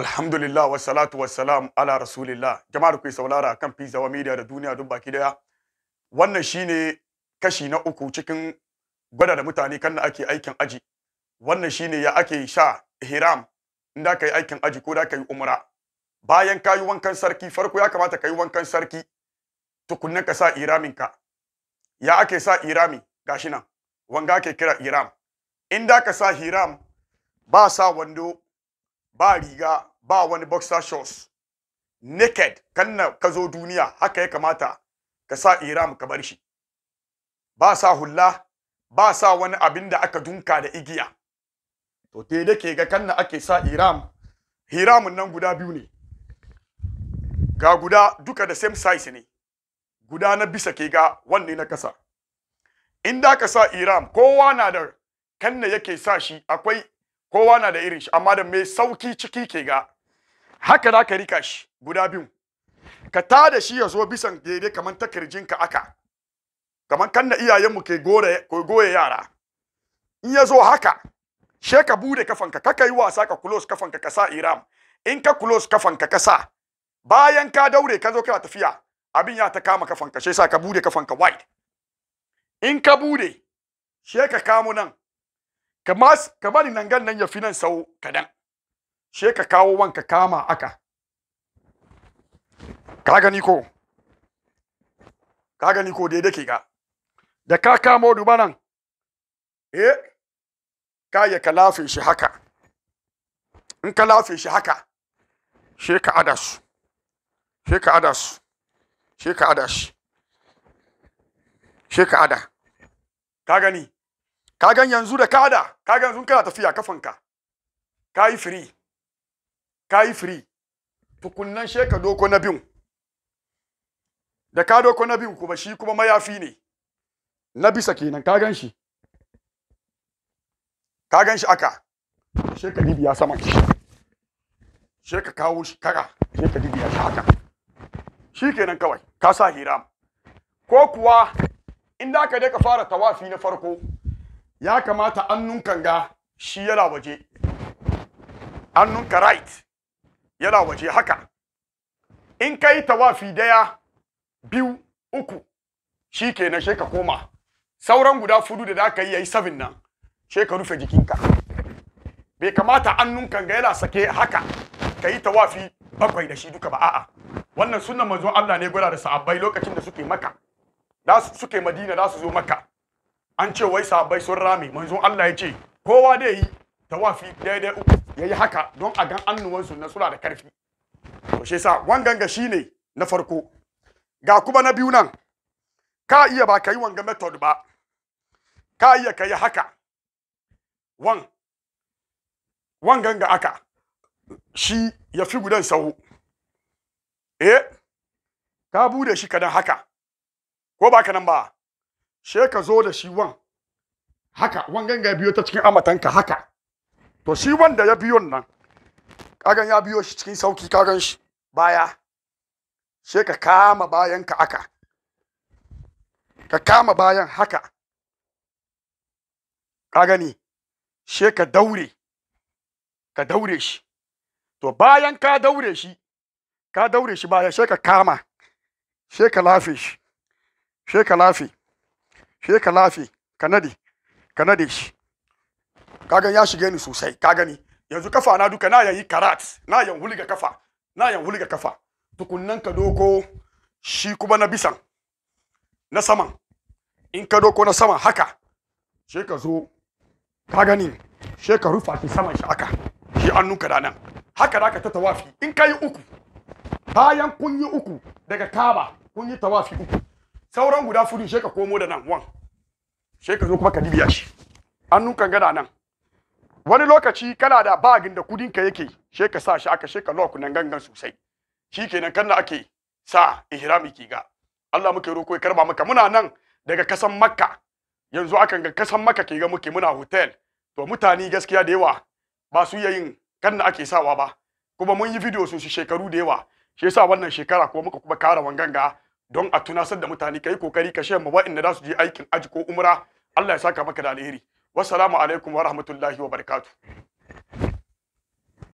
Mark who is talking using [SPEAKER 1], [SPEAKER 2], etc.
[SPEAKER 1] Alhamdulillah wa salatu wa salam ala rasulillah. Jama'ar ku saurara kan Pizza wa Media da duniya duk baki daya. Wannan shine kashi na uku cikin gwada da mutane kan da ake aikin aji. Wannan shine ya ake sha ihram in da kai aikin aji ko da kai umra. Bayan kayi wankan sarki farko ya kamata kayi wankan sarki tukunna ka sa iramin ka. Ya ake sa irami gashi nan. Wanga ake kira iram. In da ka sa hiram ba sa wando ba riga ba wani boxer shorts naked kanna kazo duniya haka ya kamata ka sa iram ka bar shi ba sa hulla ba sa wani abin da aka dunka da igiya to te da ke ga kanna ake sa iram hiramun nan guda biyu ne ga guda duka da same size ne guda na bisa ke ga wanne na kasa in ka sa iram kowa na da kanna yake sa shi akwai kowa na da irin shi amma da mai sauki ciki ke ga haka da ka rika shi guda biyu ka ta da shi ya zo bisan daidai kamar ka aka kamar kan na iyayenmu ke goye yara in ya zo haka she ka bude kafanka kaka yi wasa ka close kafanka ka sa iram in ka close kafanka ka sa bayan ka daure ka zo kana tafiya abin ya ta kama kafanka she sa ka bude kafanka wide in ka bude she ka kamo nan ka bari nan gan nan ya fi nan sau kadan she ka kawo wanka kama aka ka gani ko ka gani ko daidai dake ga da ka kamo duba nan eh ka ya kalafe shi haka in ka lafe shi haka she ka adas she ka adas she ka adas she ka ada ka gani ka gan yanzu da kada ka gan yanzu kana tafiya kafanka ka yi free ka yi free tukunnan sheka doko na biyu da ka doko na biyu kuma shi kuma mayafi ne na bisa kenan ka gan shi ka gan shi aka sheka dibiya sama sheka kawo shi kara sheka dibiya shi haka shi kenan kawai ka sa hiram ko kuwa inda ka je ka fara tawafi na farko ya kamata annunkan ga shi yana waje annunka right yana waje haka in ka tawafi daya biyu uku shi ke na ka koma sauran guda fudu da aka yi ya yi sabin nan she ka rufe jikinka bai kamata annunkan ga yana sake haka ka yi tawafi bakwai da shi duka ba a'a wannan sunan manzon Allah ne gwada da sahabbai lokacin da suke maka suke madina za su zo maka an ce wai sabai sun rami manzon Allah ya ce kowa da yi tawafi daidai uku ya yi haka don a gan annuwansu na suna da karfi to shi yasa wanganga shine na farko ga kuma na biyu nan ka iya ba ka yi wanga method ba ka iya ka yi haka wan wanganga aka shi ya fi gudan sahu eh ka bude shi kadan haka ko ba ka nan ba she ka zo da shi wan haka wangan ya biyo ta cikin amatanka haka to shi wanda ya biyo nan kagan ya biyo shi cikin sauki kagan shi baya she ka kama bayan ka aka. ka kama bayan haka ka gani she ka daure ka daure shi to bayan ka daure shi ka daure shi baya she ka kama she ka lafe shi she ka lafe shi ka lafe ka nade ka nade shi kaga ya shige ni sosai ka gani yanzu kafa na duka na yi karat na yan huliga kafa na yan huliga kafa tukunnan ka doko shi kuma na bisan na saman in ka doko na saman haka shi ka zo ka gani shi ka rufa shi saman shi haka shi annunka da nan haka da ka ta tawafi in ka yi uku bayan kun yi uku daga kaba kun yi tawafi uku sauran guda fudu sai ka komo da nan wan sai ka zo kuma ka dibiya shi an kan gada nan wani lokaci kana da bagin da kudin ka yake sai ka sa shi aka sai ka lock nan gangan sosai shikenan kanna ake sa ihrami ki ga Allah muke roko ya karba maka muna nan daga kasan Makka yanzu akan ga kasan Makka ke ga muke muna hotel to mutane gaskiya da yawa ba su yin kanna ake sawa ba kuma mun yi video su shekaru da yawa shi yasa wannan shekara kuma muka kuma kara wanganga don a tunasar da mutane kai kokari ka shema wa'anda za su je aikin aji ko umra Allah ya saka maka da alheri wassalamu alaikum wa rahmatullahi wa barakatuh